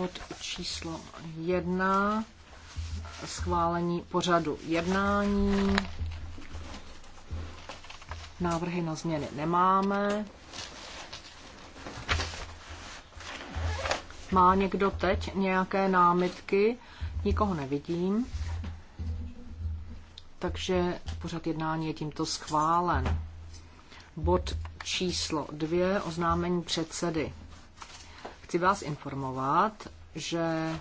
bod číslo jedna, schválení pořadu jednání. Návrhy na změny nemáme. Má někdo teď nějaké námitky? Nikoho nevidím. Takže pořad jednání je tímto schválen. Bod číslo dvě, oznámení předsedy. Chci vás informovat, že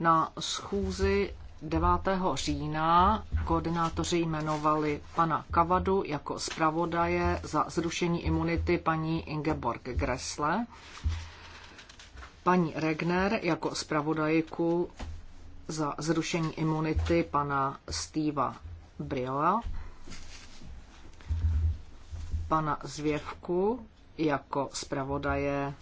na schůzi 9. října koordinátoři jmenovali pana Kavadu jako zpravodaje za zrušení imunity paní Ingeborg Gressle, paní Regner jako zpravodajku za zrušení imunity pana Steva Briola, pana Zvěvku jako zpravodaje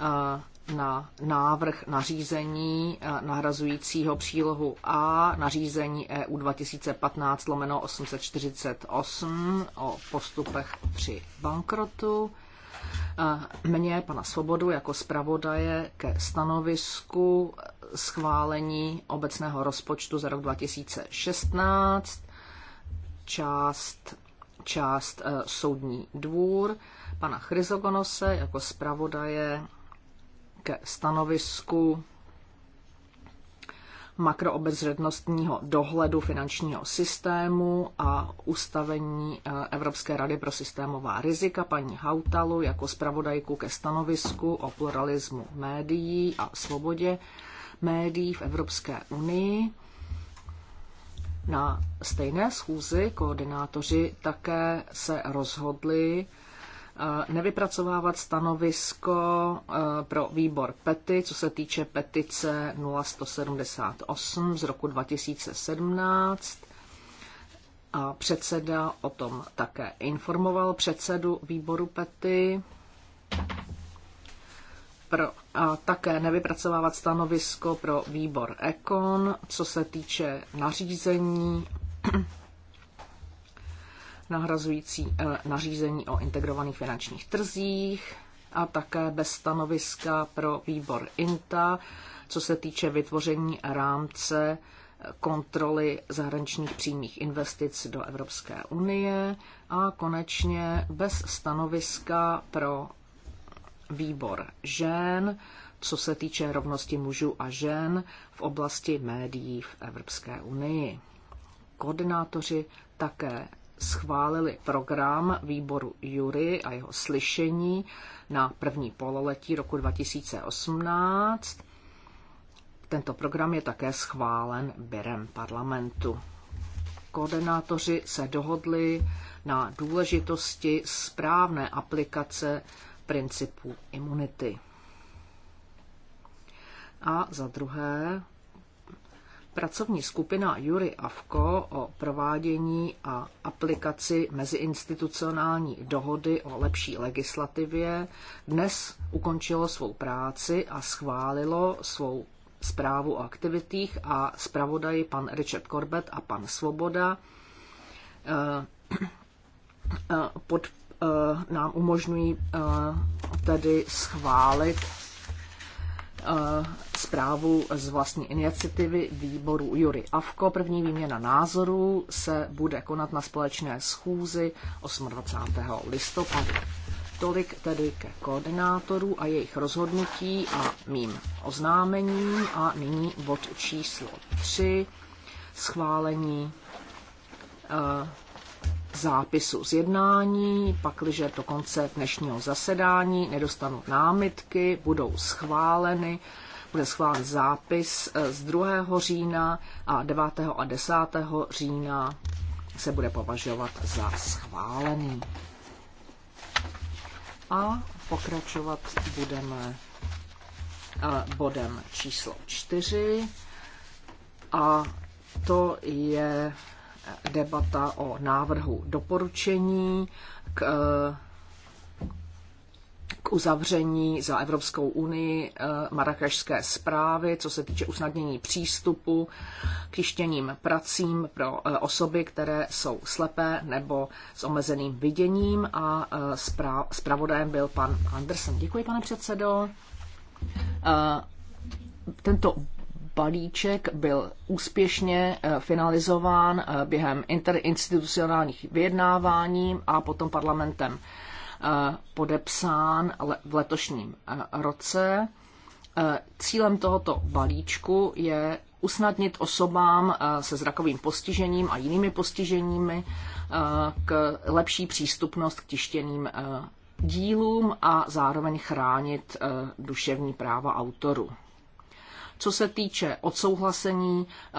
eh, na návrh nařízení eh, nahrazujícího přílohu A nařízení EU 2015 lomeno 848 o postupech při bankrotu. Eh, mně, pana Svobodu, jako zpravodaje ke stanovisku schválení obecného rozpočtu za rok 2016, část, část Soudní dvůr, pana Chryzogonose jako zpravodaje ke stanovisku makroobezřednostního dohledu finančního systému a ustavení eh, Evropské rady pro systémová rizika paní Hautalu jako zpravodajku ke stanovisku o pluralismu médií a svobodě médií v Evropské unii. Na stejné schůzi koordinátoři také se rozhodli nevypracovávat stanovisko e, pro výbor PETY, co se týče petice 0178 z roku 2017. A předseda o tom také informoval předsedu výboru PETY. Pro, a také nevypracovávat stanovisko pro výbor EKON, co se týče nařízení nahrazující eh, nařízení o integrovaných finančních trzích a také bez stanoviska pro výbor INTA, co se týče vytvoření rámce eh, kontroly zahraničních přímých investic do Evropské unie a konečně bez stanoviska pro výbor žen, co se týče rovnosti mužů a žen v oblasti médií v Evropské unii. Koordinátoři také schválili program výboru Jury a jeho slyšení na první pololetí roku 2018. Tento program je také schválen během parlamentu. Koordinátoři se dohodli na důležitosti správné aplikace principu imunity. A za druhé pracovní skupina Jury Avko o provádění a aplikaci meziinstitucionální dohody o lepší legislativě dnes ukončilo svou práci a schválilo svou zprávu o aktivitách a zpravodaji pan Richard Corbett a pan Svoboda eh, eh, pod, eh, nám umožňují tedy schválit Eh, zprávu z vlastní iniciativy výboru Jury Avko. První výměna názorů se bude konat na společné schůzi 28. listopadu. Tolik tedy ke koordinátorů a jejich rozhodnutí a mým oznámením a nyní bod číslo 3 schválení eh, zápisu z jednání, pakliže do konce dnešního zasedání nedostanu námitky, budou schváleny, bude schválen zápis eh, z 2. října a 9. a 10. října se bude považovat za schválený. A pokračovat budeme eh, bodem číslo 4 a to je debata o návrhu doporučení k, eh, k uzavření za Evropskou unii eh, marakešské zprávy, co se týče usnadnění přístupu k jištěním pracím pro eh, osoby, které jsou slepé nebo s omezeným viděním a zpravodajem byl pan Andersen. Děkuji, pane předsedo. Tento balíček byl úspěšně eh, finalizován eh, během interinstitucionálních vyjednávání a potom parlamentem eh, podepsán v letošním roce. Cílem tohoto balíčku je usnadnit osobám se zrakovým postižením a jinými postiženími k lepší přístupnost k tištěným dílům a zároveň chránit duševní práva autorů. Co se týče odsouhlasení eh,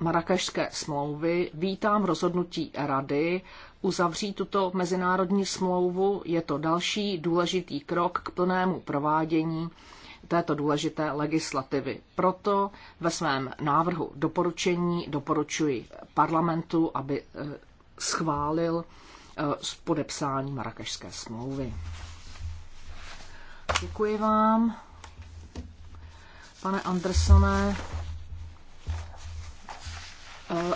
Marrakešské smlouvy, vítám rozhodnutí Rady uzavřít tuto mezinárodní smlouvu. Je to další důležitý krok k plnému provádění této důležité legislativy. Proto ve svém návrhu doporučení doporučuji parlamentu, aby eh, schválil eh, podepsání podepsáním Marrakešské smlouvy. Děkuji vám. Pane Andersone, eh,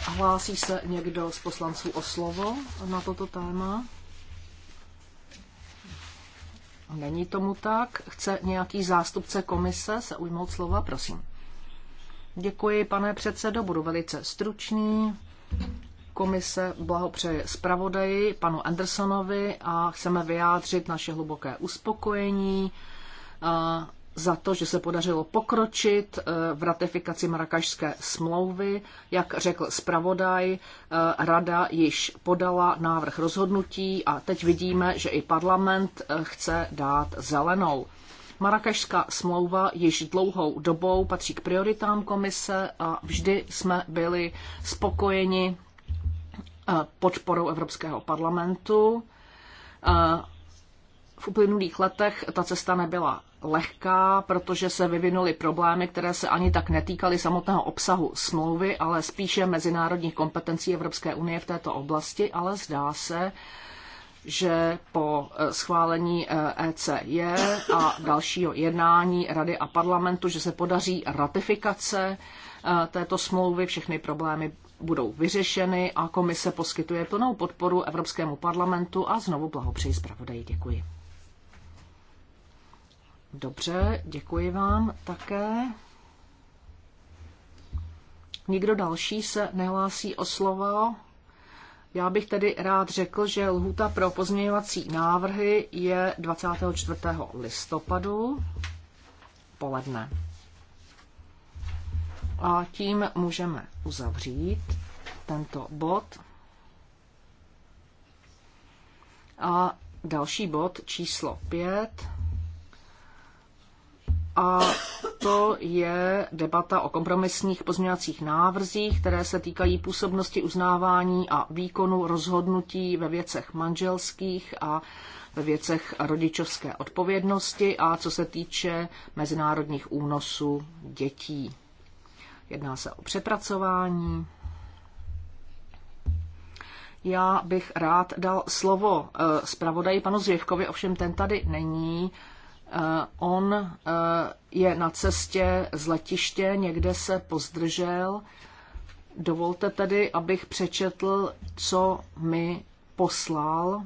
hlásí se někdo z poslanců o slovo na toto téma? Není tomu tak. Chce nějaký zástupce komise se ujmout slova? Prosím. Děkuji, pane předsedo, budu velice stručný. Komise blahopřeje zpravodaji panu Andersonovi a chceme vyjádřit naše hluboké uspokojení eh, za to, že se podařilo pokročit eh, v ratifikaci Marakašské smlouvy. Jak řekl zpravodaj, eh, rada již podala návrh rozhodnutí a teď vidíme, že i parlament eh, chce dát zelenou. Marrakešská smlouva již dlouhou dobou patří k prioritám komise a vždy jsme byli spokojeni podporou Evropského parlamentu v uplynulých letech ta cesta nebyla lehká, protože se vyvinuly problémy, které se ani tak netýkaly samotného obsahu smlouvy, ale spíše mezinárodních kompetencí Evropské unie v této oblasti, ale zdá se, že po eh, schválení ECJ eh, e a dalšího jednání Rady a parlamentu, že se podaří ratifikace eh, této smlouvy, všechny problémy budou vyřešeny a komise poskytuje plnou podporu Evropskému parlamentu a znovu blahopřeji zpravodaji. Děkuji. Dobře, děkuji vám také. Nikdo další se nehlásí o slovo. Já bych tedy rád řekl, že lhůta pro pozměňovací návrhy je 24. listopadu poledne. A tím můžeme uzavřít tento bod. A další bod číslo 5 a to je debata o kompromisních pozměňovacích návrzích, které se týkají působnosti uznávání a výkonu rozhodnutí ve věcech manželských a ve věcech rodičovské odpovědnosti a co se týče mezinárodních únosů dětí. Jedná se o přepracování. Já bych rád dal slovo eh, zpravodaji panu Zvěvkovi, ovšem ten tady není. Eh, on eh, je na cestě z letiště, někde se pozdržel. Dovolte tedy, abych přečetl, co mi poslal,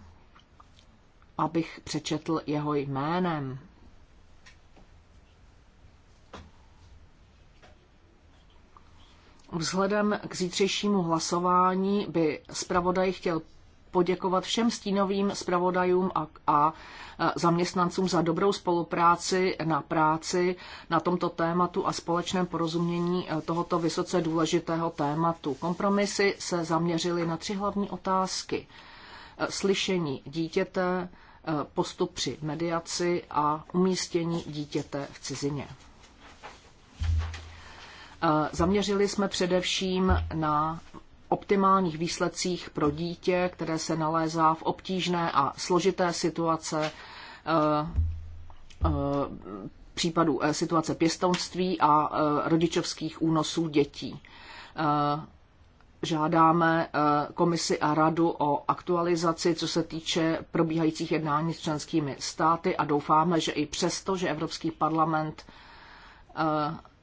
abych přečetl jeho jménem. Vzhledem k zítřejšímu hlasování by zpravodaj chtěl poděkovat všem stínovým zpravodajům a, a e, zaměstnancům za dobrou spolupráci na práci na tomto tématu a společném porozumění e, tohoto vysoce důležitého tématu. Kompromisy se zaměřily na tři hlavní otázky. E, slyšení dítěte, postup při mediaci a umístění dítěte v cizině. Zaměřili jsme především na optimálních výsledcích pro dítě, které se nalézá v obtížné a složité situace eh, eh, případů eh, situace pěstounství a rodičovských únosů dětí. Žádáme komisi a radu o aktualizaci, co se týče probíhajících jednání s členskými státy a doufáme, že i přesto, že Evropský parlament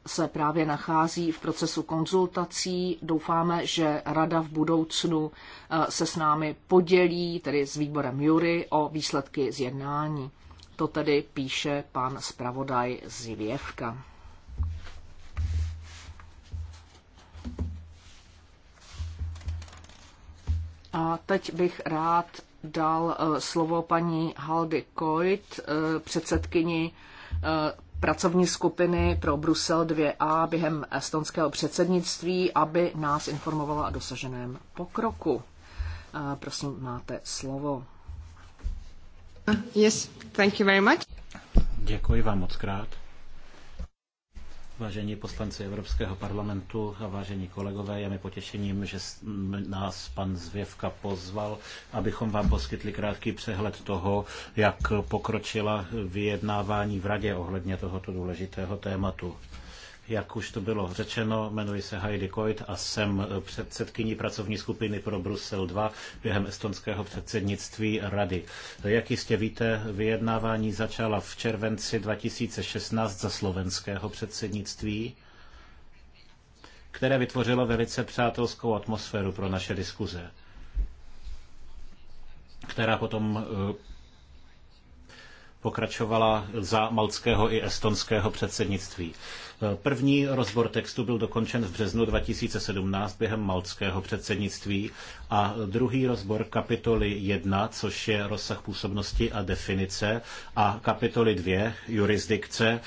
se právě nachází v procesu konzultací. Doufáme, že Rada v budoucnu eh, se s námi podělí, tedy s výborem Jury, o výsledky zjednání. To tedy píše pan zpravodaj zivěvka. A teď bych rád dal eh, slovo paní Haldy Kojt, eh, předsedkyni pracovní skupiny pro Brusel 2a během estonského předsednictví, aby nás informovala o dosaženém pokroku. Prosím, máte slovo. Yes, thank you very much. Děkuji vám moc krát. Vážení poslanci Evropského parlamentu a vážení kolegové, je mi potěšením, že nás pan Zvěvka pozval, abychom vám poskytli krátký přehled toho, jak pokročila vyjednávání v Radě ohledně tohoto důležitého tématu. Jak už to bylo řečeno, jmenuji se Heidi Koit a jsem předsedkyní pracovní skupiny pro Brusel 2 během estonského předsednictví Rady. Jak jistě víte, vyjednávání začala v červenci 2016 za slovenského předsednictví, které vytvořilo velice přátelskou atmosféru pro naše diskuze, která potom eh, pokračovala za maltského i estonského předsednictví. První rozbor textu byl dokončen v březnu 2017 během maltského předsednictví a druhý rozbor kapitoly 1, což je rozsah působnosti a definice, a kapitoly 2, jurisdikce, eh,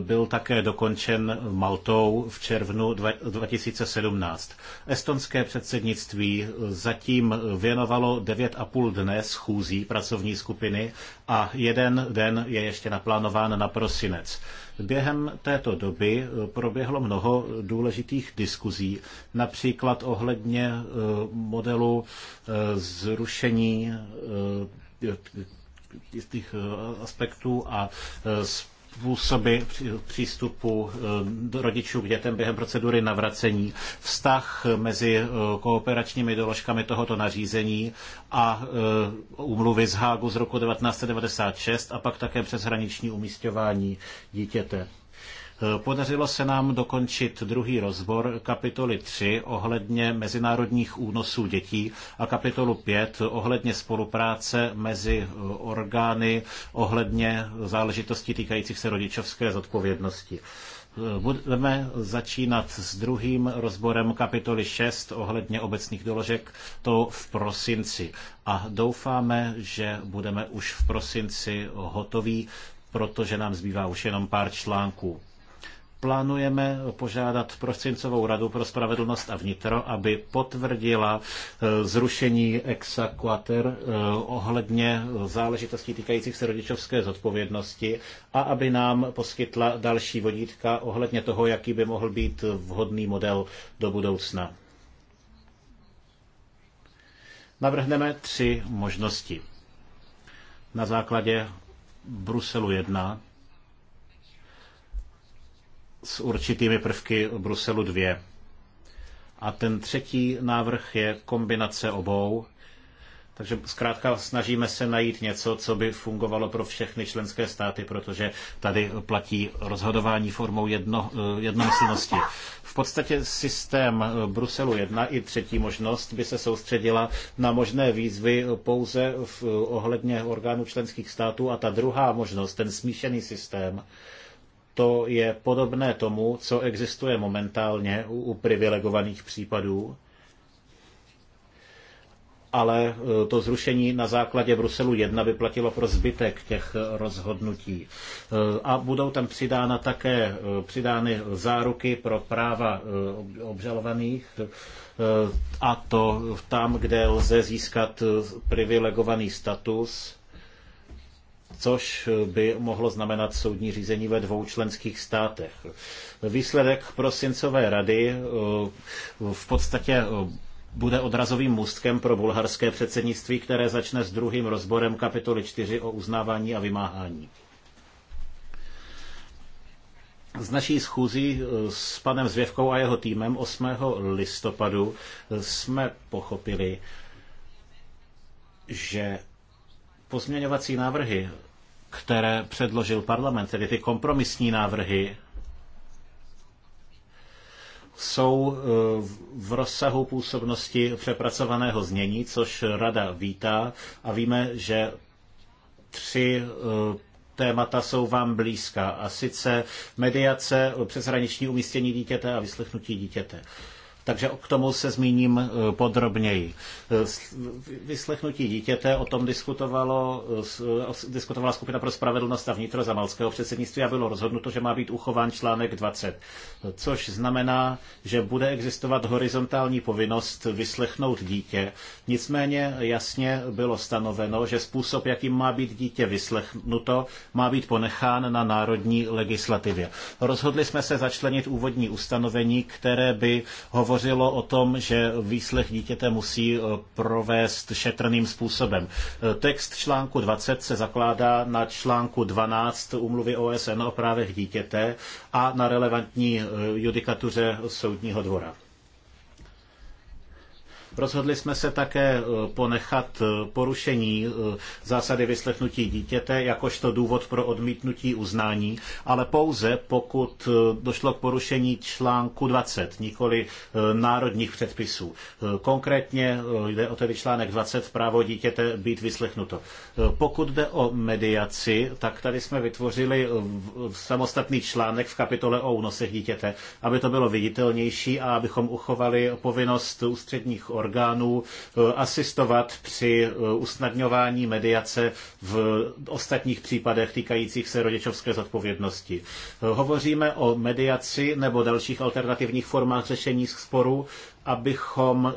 byl také dokončen Maltou v červnu 2017. Estonské předsednictví eh, zatím věnovalo 9,5 dne schůzí pracovní skupiny a jeden den je ještě naplánován na prosinec. Během této doby eh, proběhlo mnoho důležitých diskuzí, například ohledně eh, modelu eh, zrušení těch aspektů a způsoby přístupu eh, rodičů k dětem během procedury navracení, vztah mezi eh, kooperačními doložkami tohoto nařízení a eh, úmluvy z Hágu z roku 1996 a pak také přeshraniční umístěvání dítěte. Eh, podařilo se nám dokončit druhý rozbor kapitoly 3 ohledně mezinárodních únosů dětí a kapitolu 5 ohledně spolupráce mezi eh, orgány ohledně záležitostí týkajících se rodičovské zodpovědnosti. Eh, budeme začínat s druhým rozborem kapitoly 6 ohledně obecných doložek, to v prosinci. A doufáme, že budeme už v prosinci hotoví, protože nám zbývá už jenom pár článků plánujeme požádat Prostřincovou radu pro spravedlnost a vnitro, aby potvrdila eh, zrušení exa quater eh, ohledně záležitostí týkajících se rodičovské zodpovědnosti a aby nám poskytla další vodítka ohledně toho, jaký by mohl být vhodný model do budoucna. Navrhneme tři možnosti. Na základě Bruselu 1 s určitými prvky Bruselu 2. A ten třetí návrh je kombinace obou. Takže zkrátka snažíme se najít něco, co by fungovalo pro všechny členské státy, protože tady platí rozhodování formou jedno, eh, jednomyslnosti. V podstatě systém eh, Bruselu 1 i třetí možnost by se soustředila na možné výzvy pouze v eh, ohledně orgánů členských států a ta druhá možnost, ten smíšený systém, to je podobné tomu, co existuje momentálně u, u privilegovaných případů, ale e, to zrušení na základě Bruselu 1 by platilo pro zbytek těch rozhodnutí. E, a budou tam přidána také e, přidány záruky pro práva obžalovaných a to tam, kde lze získat privilegovaný status což by mohlo znamenat soudní řízení ve dvou členských státech. Výsledek prosincové rady eh, v podstatě eh, bude odrazovým můstkem pro bulharské předsednictví, které začne s druhým rozborem kapitoly 4 o uznávání a vymáhání. Z naší schůzí eh, s panem Zvěvkou a jeho týmem 8. listopadu jsme pochopili, že pozměňovací návrhy které předložil parlament, tedy ty kompromisní návrhy, jsou e, v rozsahu působnosti přepracovaného znění, což rada vítá a víme, že tři e, témata jsou vám blízká, a sice mediace, přeshraniční umístění dítěte a vyslechnutí dítěte. Takže k tomu se zmíním eh, podrobněji. Eh, vyslechnutí dítěte o tom diskutovalo, eh, diskutovala skupina pro spravedlnost a vnitro za malského předsednictví a bylo rozhodnuto, že má být uchován článek 20, což znamená, že bude existovat horizontální povinnost vyslechnout dítě. Nicméně jasně bylo stanoveno, že způsob, jakým má být dítě vyslechnuto, má být ponechán na národní legislativě. Rozhodli jsme se začlenit úvodní ustanovení, které by hovořilo hovořilo o tom, že výslech dítěte musí eh, provést šetrným způsobem. Eh, text článku 20 se zakládá na článku 12 umluvy OSN o právech dítěte a na relevantní eh, judikatuře soudního dvora. Rozhodli jsme se také eh, ponechat eh, porušení eh, zásady vyslechnutí dítěte jakožto důvod pro odmítnutí uznání, ale pouze pokud došlo k porušení článku 20, nikoli národních předpisů. Konkrétně jde o tedy článek 20 právo dítěte být vyslechnuto. Pokud jde o mediaci, tak tady jsme vytvořili samostatný článek v kapitole o únosech dítěte, aby to bylo viditelnější a abychom uchovali povinnost ústředních orgánů orgánů eh, asistovat při eh, usnadňování mediace v ostatních případech týkajících se rodičovské zodpovědnosti. Eh, hovoříme o mediaci nebo dalších alternativních formách řešení sporů, abychom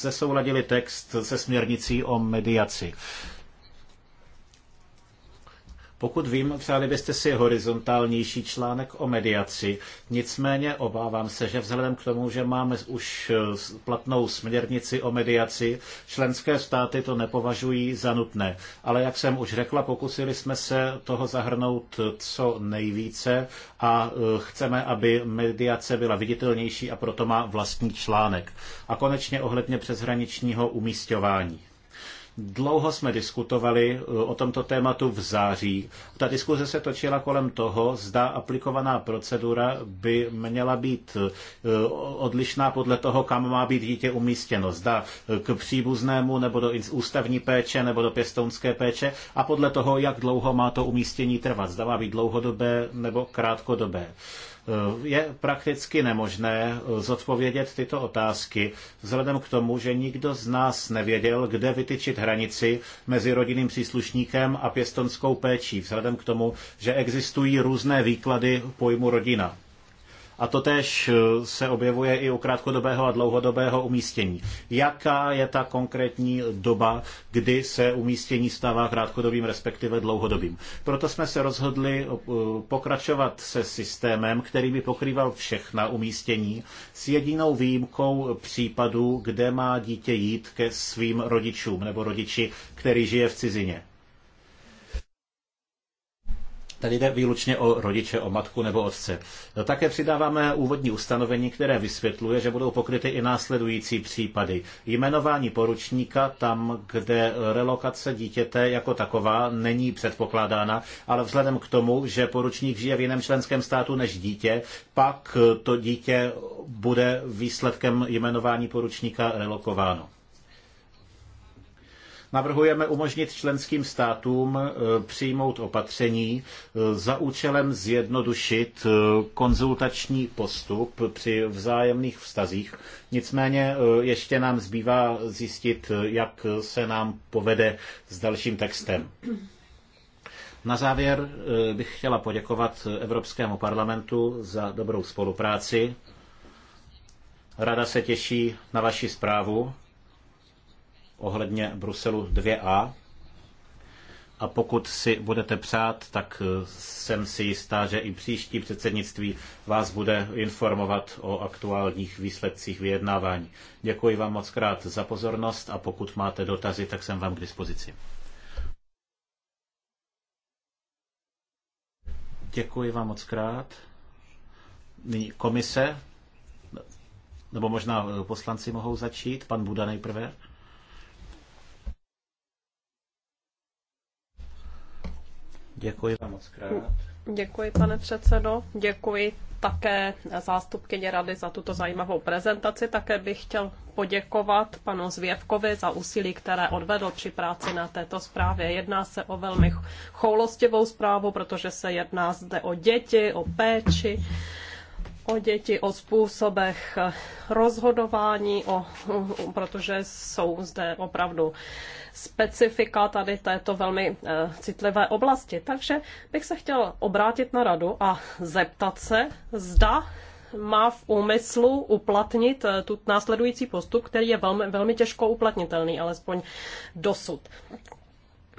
zesouladili text se směrnicí o mediaci. Pokud vím, přáli byste si horizontálnější článek o mediaci, nicméně obávám se, že vzhledem k tomu, že máme už eh, platnou směrnici o mediaci, členské státy to nepovažují za nutné. Ale jak jsem už řekla, pokusili jsme se toho zahrnout eh, co nejvíce a eh, chceme, aby mediace byla viditelnější a proto má vlastní článek. A konečně ohledně přeshraničního umístování. Dlouho jsme diskutovali eh, o tomto tématu v září. Ta diskuze se točila kolem toho, zda aplikovaná procedura by měla být eh, odlišná podle toho, kam má být dítě umístěno. Zda eh, k příbuznému, nebo do ústavní péče, nebo do pěstounské péče a podle toho, jak dlouho má to umístění trvat. Zda má být dlouhodobé nebo krátkodobé. Eh, je prakticky nemožné eh, zodpovědět tyto otázky vzhledem k tomu, že nikdo z nás nevěděl, kde vytyčit hranici mezi rodinným příslušníkem a pěstonskou péčí, vzhledem k tomu, že existují různé výklady pojmu rodina. A to tež eh, se objevuje i u krátkodobého a dlouhodobého umístění. Jaká je ta konkrétní doba, kdy se umístění stává krátkodobým, respektive dlouhodobým? Proto jsme se rozhodli eh, pokračovat se systémem, který by pokrýval všechna umístění, s jedinou výjimkou případů, kde má dítě jít ke svým rodičům nebo rodiči, který žije v cizině. Tady jde výlučně o rodiče, o matku nebo otce. No, také přidáváme úvodní ustanovení, které vysvětluje, že budou pokryty i následující případy. Jmenování poručníka tam, kde relokace dítěte jako taková není předpokládána, ale vzhledem k tomu, že poručník žije v jiném členském státu než dítě, pak to dítě bude výsledkem jmenování poručníka relokováno. Navrhujeme umožnit členským státům eh, přijmout opatření eh, za účelem zjednodušit eh, konzultační postup při vzájemných vztazích. Nicméně ještě nám zbývá zjistit, jak se nám povede s dalším textem. Na závěr bych chtěla poděkovat Evropskému parlamentu za dobrou spolupráci. Rada se těší na vaši zprávu ohledně Bruselu 2a. A pokud si budete přát, tak eh, jsem si jistá, že i příští předsednictví vás bude informovat o aktuálních výsledcích vyjednávání. Děkuji vám moc krát za pozornost a pokud máte dotazy, tak jsem vám k dispozici. Děkuji vám moc krát. Nyní komise, nebo možná eh, poslanci mohou začít. Pan Buda nejprve. Děkuji vám moc krát. Děkuji, pane předsedo. Děkuji také zástupkyně rady za tuto zajímavou prezentaci. Také bych chtěl poděkovat panu Zvěvkovi za úsilí, které odvedl při práci na této zprávě. Jedná se o velmi choulostivou zprávu, protože se jedná zde o děti, o péči o děti, o způsobech rozhodování, o, protože jsou zde opravdu specifika tady této velmi eh, citlivé oblasti. Takže bych se chtěl obrátit na radu a zeptat se, zda má v úmyslu uplatnit eh, tu následující postup, který je velmi, velmi těžko uplatnitelný, alespoň dosud.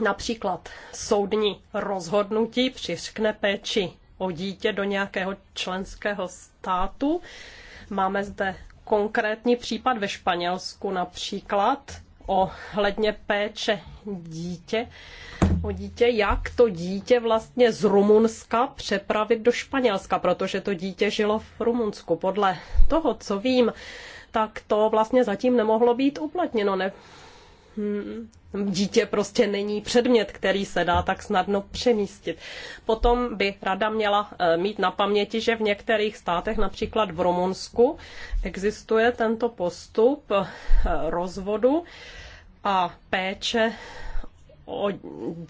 Například soudní rozhodnutí přiřkne péči o dítě do nějakého členského státu. Máme zde konkrétní případ ve Španělsku například o hledně péče dítě, o dítě, jak to dítě vlastně z Rumunska přepravit do Španělska, protože to dítě žilo v Rumunsku. Podle toho, co vím, tak to vlastně zatím nemohlo být uplatněno. Ne, hmm dítě prostě není předmět, který se dá tak snadno přemístit. Potom by rada měla eh, mít na paměti, že v některých státech, například v Rumunsku, existuje tento postup eh, rozvodu a péče o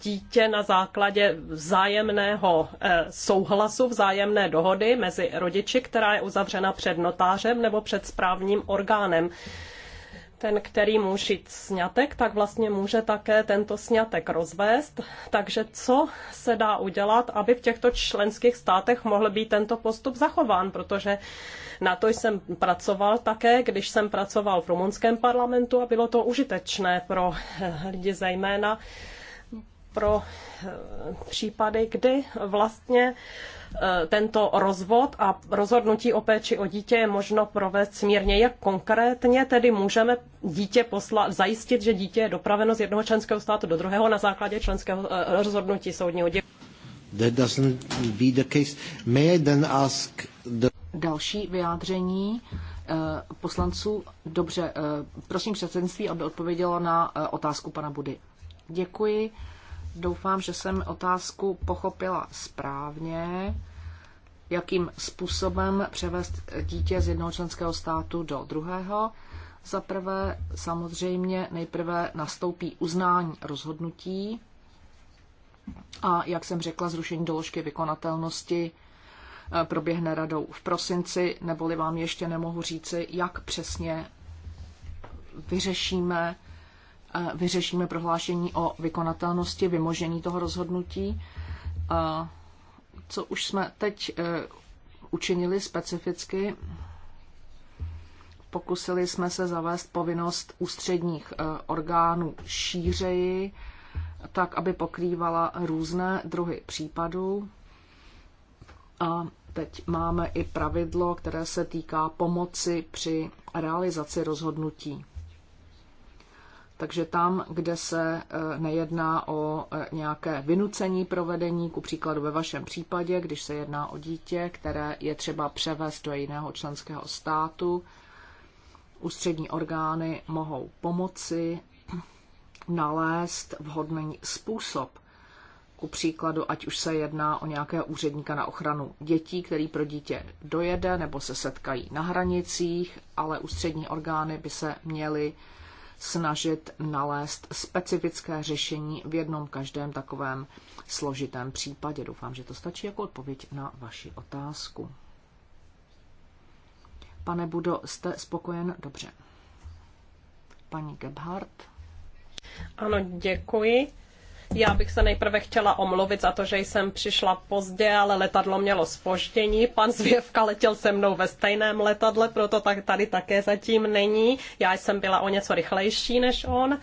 dítě na základě vzájemného eh, souhlasu, vzájemné dohody mezi rodiči, která je uzavřena před notářem nebo před správním orgánem ten, který může snětek, tak vlastně může také tento snětek rozvést. Takže co se dá udělat, aby v těchto členských státech mohl být tento postup zachován, protože na to jsem pracoval také, když jsem pracoval v rumunském parlamentu a bylo to užitečné pro eh, lidi zejména pro eh, případy, kdy vlastně Eh, tento rozvod a rozhodnutí o péči o dítě je možno provést smírně. Jak konkrétně tedy můžeme dítě poslat, zajistit, že dítě je dopraveno z jednoho členského státu do druhého na základě členského eh, rozhodnutí soudního dě... That doesn't be the case. May I then ask the... Další vyjádření eh, poslanců. Dobře, prosím předsednictví, aby odpovědělo na otázku pana Budy. Děkuji. Doufám, že jsem otázku pochopila správně. Jakým způsobem převést dítě z jednoho členského státu do druhého? Za prvé, samozřejmě, nejprve nastoupí uznání rozhodnutí a, jak jsem řekla, zrušení doložky vykonatelnosti eh, proběhne radou v prosinci, neboli vám ještě nemohu říci, jak přesně vyřešíme vyřešíme prohlášení o vykonatelnosti vymožení toho rozhodnutí. Co už jsme teď eh, učinili specificky, pokusili jsme se zavést povinnost ústředních eh, orgánů šířeji, tak, aby pokrývala různé druhy případů. A teď máme i pravidlo, které se týká pomoci při realizaci rozhodnutí. Takže tam, kde se eh, nejedná o eh, nějaké vynucení provedení, ku příkladu ve vašem případě, když se jedná o dítě, které je třeba převést do jiného členského státu, ústřední orgány mohou pomoci nalézt vhodný způsob. Ku příkladu, ať už se jedná o nějakého úředníka na ochranu dětí, který pro dítě dojede, nebo se setkají na hranicích, ale ústřední orgány by se měly snažit nalézt specifické řešení v jednom každém takovém složitém případě. Doufám, že to stačí jako odpověď na vaši otázku. Pane Budo, jste spokojen? Dobře. Paní Gebhardt. Ano, děkuji. Já bych se nejprve chtěla omluvit za to, že jsem přišla pozdě, ale letadlo mělo spoždění. Pan Zvěvka letěl se mnou ve stejném letadle, proto tak tady také zatím není. Já jsem byla o něco rychlejší než on.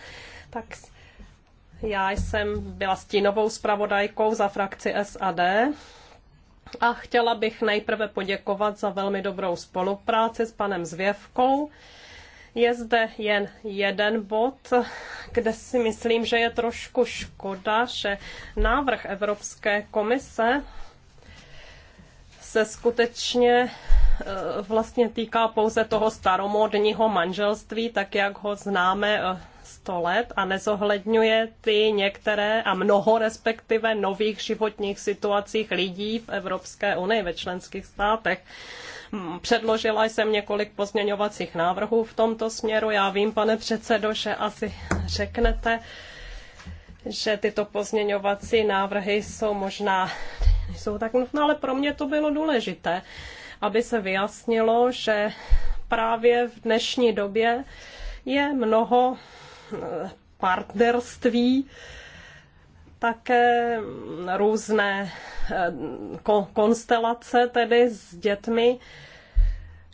Tak já jsem byla stínovou zpravodajkou za frakci SAD. A chtěla bych nejprve poděkovat za velmi dobrou spolupráci s panem Zvěvkou je zde jen jeden bod, kde si myslím, že je trošku škoda, že návrh Evropské komise se skutečně e, vlastně týká pouze toho staromodního manželství, tak jak ho známe 100 e, let a nezohledňuje ty některé a mnoho respektive nových životních situacích lidí v Evropské unii, ve členských státech. Předložila jsem několik pozměňovacích návrhů v tomto směru. Já vím, pane předsedo, že asi řeknete, že tyto pozměňovací návrhy jsou možná, jsou tak nutné, ale pro mě to bylo důležité, aby se vyjasnilo, že právě v dnešní době je mnoho partnerství, také různé eh, konstelace tedy s dětmi,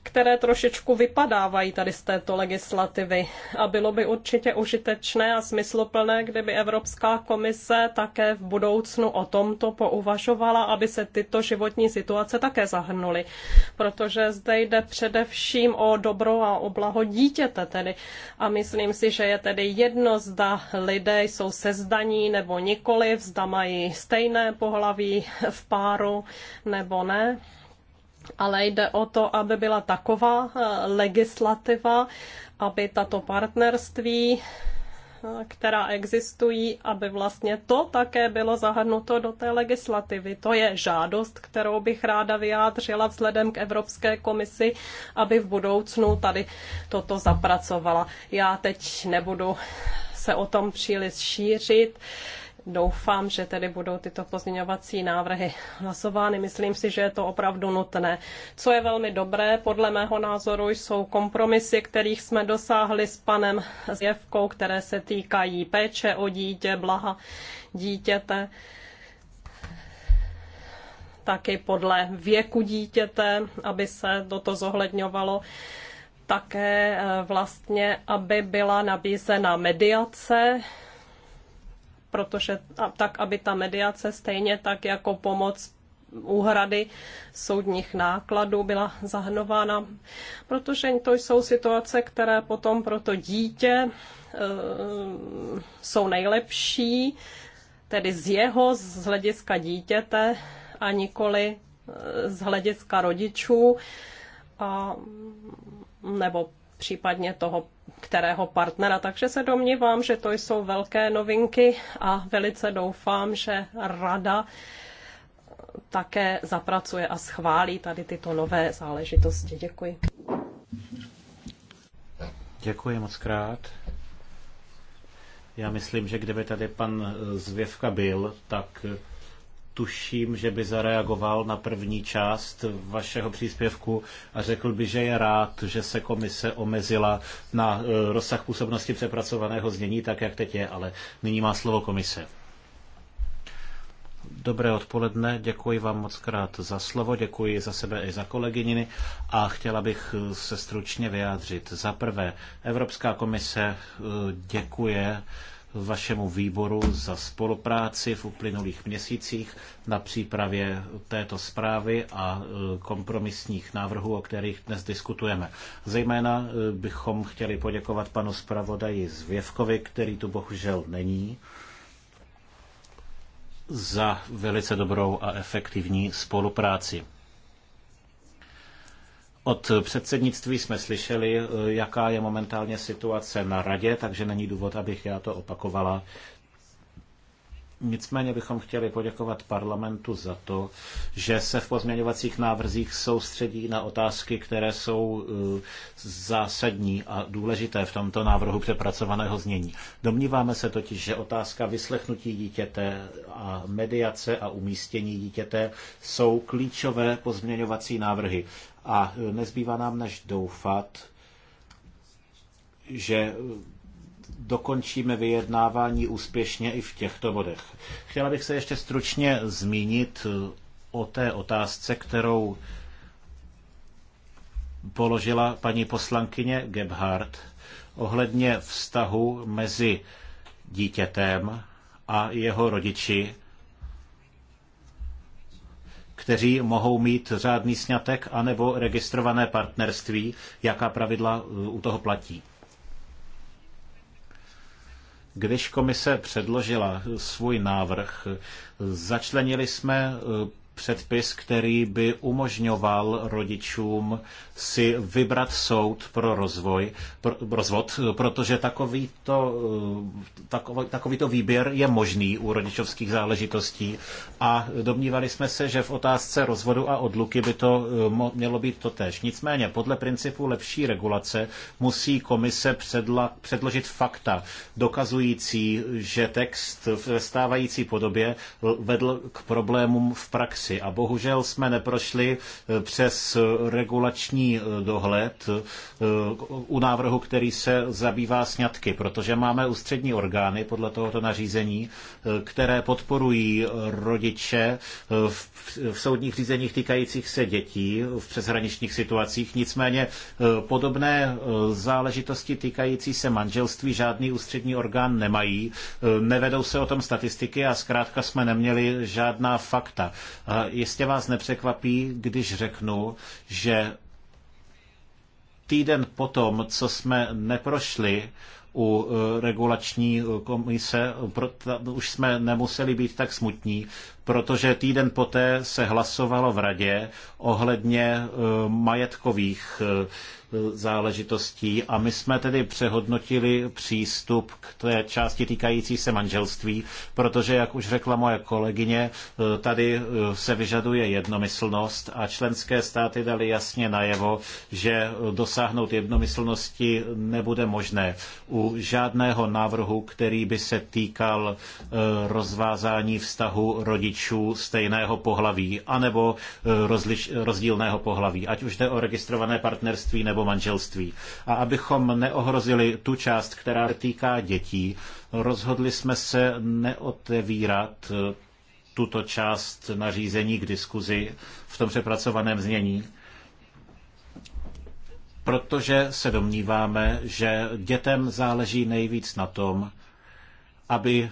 které trošičku vypadávají tady z této legislativy. A bylo by určitě užitečné a smysluplné, kdyby Evropská komise také v budoucnu o tomto pouvažovala, aby se tyto životní situace také zahrnuly. Protože zde jde především o dobro a o blaho dítěte tedy. A myslím si, že je tedy jedno, zda lidé jsou sezdaní nebo nikoli, zda mají stejné pohlaví v páru nebo ne ale jde o to, aby byla taková eh, legislativa, aby tato partnerství, eh, která existují, aby vlastně to také bylo zahrnuto do té legislativy. To je žádost, kterou bych ráda vyjádřila vzhledem k Evropské komisi, aby v budoucnu tady toto zapracovala. Já teď nebudu se o tom příliš šířit. Uh, Doufám, že tedy budou tyto pozměňovací návrhy hlasovány. Myslím si, že je to opravdu nutné. Co je velmi dobré, podle mého názoru, jsou kompromisy, kterých jsme dosáhli s panem Zjevkou, které se týkají péče o dítě, blaha dítěte, taky podle věku dítěte, aby se toto zohledňovalo také eh, vlastně, aby byla nabízena mediace protože tak, aby ta mediace stejně tak jako pomoc úhrady soudních nákladů byla zahrnována, protože to jsou situace, které potom pro to dítě eh, jsou nejlepší, tedy z jeho, z hlediska dítěte a nikoli eh, z hlediska rodičů a, nebo případně toho, kterého partnera. Takže se domnívám, že to jsou velké novinky a velice doufám, že rada také zapracuje a schválí tady tyto nové záležitosti. Děkuji. Děkuji moc krát. Já myslím, že kdyby tady pan Zvěvka byl, tak tuším, že by zareagoval na první část vašeho příspěvku a řekl by, že je rád, že se komise omezila na e, rozsah působnosti přepracovaného znění, tak jak teď je, ale nyní má slovo komise. Dobré odpoledne, děkuji vám moc krát za slovo, děkuji za sebe i za kolegyni a chtěla bych se stručně vyjádřit. Za prvé, Evropská komise e, děkuje vašemu výboru za spolupráci v uplynulých měsících na přípravě této zprávy a e, kompromisních návrhů, o kterých dnes diskutujeme. Zejména e, bychom chtěli poděkovat panu zpravodaji Zvěvkovi, který tu bohužel není, za velice dobrou a efektivní spolupráci. Od předsednictví jsme slyšeli, eh, jaká je momentálně situace na radě, takže není důvod, abych já to opakovala. Nicméně bychom chtěli poděkovat parlamentu za to, že se v pozměňovacích návrzích soustředí na otázky, které jsou eh, zásadní a důležité v tomto návrhu přepracovaného znění. Domníváme se totiž, že otázka vyslechnutí dítěte a mediace a umístění dítěte jsou klíčové pozměňovací návrhy. A nezbývá nám než doufat, že dokončíme vyjednávání úspěšně i v těchto bodech. Chtěla bych se ještě stručně zmínit o té otázce, kterou položila paní poslankyně Gebhardt ohledně vztahu mezi dítětem a jeho rodiči kteří mohou mít řádný sňatek anebo registrované partnerství, jaká pravidla eh, u toho platí. Když komise předložila svůj návrh, eh, začlenili jsme eh, předpis, který by umožňoval rodičům si vybrat soud pro rozvoj, pro, rozvod, protože takovýto, eh, takový, takový to výběr je možný u rodičovských záležitostí a domnívali jsme se, že v otázce rozvodu a odluky by to eh, mělo být totéž. Nicméně podle principu lepší regulace musí komise předla, předložit fakta dokazující, že text ve stávající podobě vedl k problémům v praxi praxi a bohužel jsme neprošli eh, přes eh, regulační eh, dohled u návrhu, který se zabývá sňatky, protože máme ústřední orgány podle tohoto nařízení, které podporují rodiče v soudních řízeních týkajících se dětí v přeshraničních situacích. Nicméně podobné záležitosti týkající se manželství žádný ústřední orgán nemají. Nevedou se o tom statistiky a zkrátka jsme neměli žádná fakta. Jistě vás nepřekvapí, když řeknu, že týden potom, co jsme neprošli u e, regulační e, komise, už jsme nemuseli být tak smutní, protože týden poté se hlasovalo v radě ohledně e, majetkových záležitostí a my jsme tedy přehodnotili přístup k té části týkající se manželství, protože, jak už řekla moje kolegyně, eh, tady eh, se vyžaduje jednomyslnost a členské státy dali jasně najevo, že eh, dosáhnout jednomyslnosti nebude možné u žádného návrhu, který by se týkal rozvázání vztahu rodičů stejného pohlaví anebo rozliš, rozdílného pohlaví, ať už jde o registrované partnerství nebo manželství. A abychom neohrozili tu část, která týká dětí, rozhodli jsme se neotevírat eh, tuto část nařízení k diskuzi v tom přepracovaném znění, protože se domníváme, že dětem záleží nejvíc na tom, aby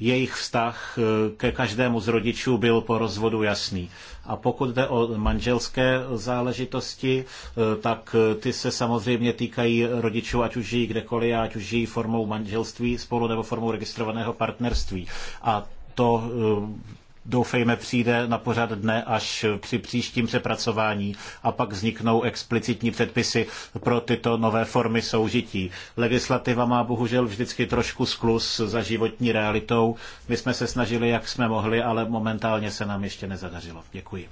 jejich vztah eh, ke každému z rodičů byl po rozvodu jasný. A pokud jde o manželské záležitosti, eh, tak eh, ty se samozřejmě týkají rodičů, ať už žijí kdekoliv, ať už žijí formou manželství spolu nebo formou registrovaného partnerství. A to doufejme přijde na pořad dne až při příštím přepracování a pak vzniknou explicitní předpisy pro tyto nové formy soužití. Legislativa má bohužel vždycky trošku sklus za životní realitou. My jsme se snažili, jak jsme mohli, ale momentálně se nám ještě nezadařilo. Děkuji.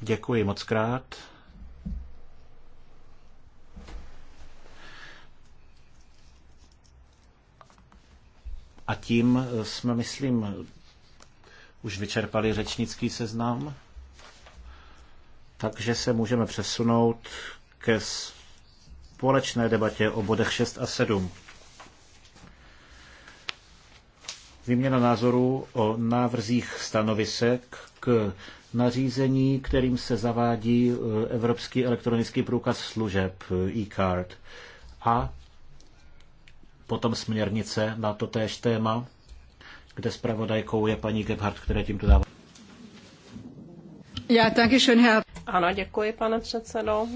Děkuji moc krát. A tím eh, jsme, myslím, už vyčerpali řečnický seznam, takže se můžeme přesunout ke společné debatě o bodech 6 a 7. Výměna názorů o návrzích stanovisek k nařízení, kterým se zavádí eh, Evropský elektronický průkaz služeb eh, e-card a potom směrnice na to též téma, kde zpravodajkou je paní Gebhardt, které tímto dává. Já taky schön, Ano, děkuji, pane předsedo.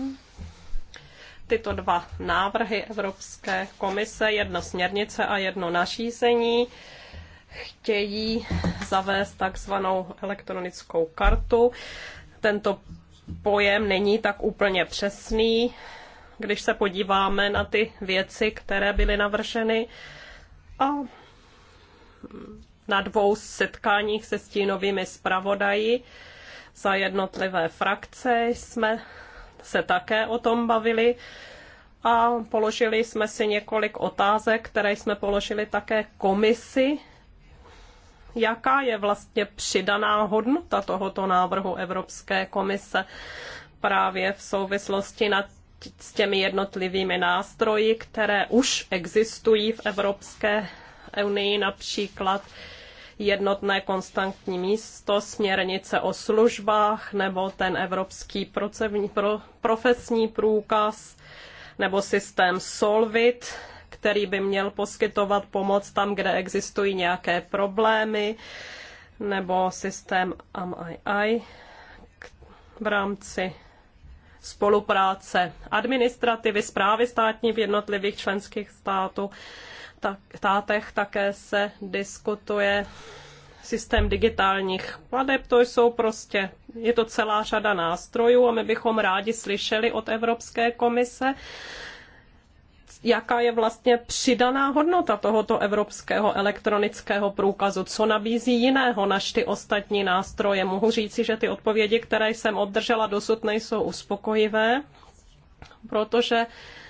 Tyto dva návrhy Evropské komise, jedno směrnice a jedno nařízení, chtějí zavést takzvanou elektronickou kartu. Tento pojem není tak úplně přesný, když se podíváme na ty věci, které byly navrženy a na dvou setkáních se stínovými zpravodaji za jednotlivé frakce jsme se také o tom bavili a položili jsme si několik otázek, které jsme položili také komisi, jaká je vlastně přidaná hodnota tohoto návrhu Evropské komise právě v souvislosti nad s těmi jednotlivými nástroji, které už existují v Evropské unii, například jednotné konstantní místo, směrnice o službách nebo ten evropský procevní, pro, profesní průkaz nebo systém Solvit, který by měl poskytovat pomoc tam, kde existují nějaké problémy, nebo systém AMII v rámci spolupráce administrativy, zprávy státní v jednotlivých členských států, tak, státech také se diskutuje systém digitálních plateb, to jsou prostě, je to celá řada nástrojů a my bychom rádi slyšeli od Evropské komise, jaká je vlastně přidaná hodnota tohoto evropského elektronického průkazu, co nabízí jiného než ty ostatní nástroje. Mohu říci, že ty odpovědi, které jsem obdržela dosud, nejsou uspokojivé, protože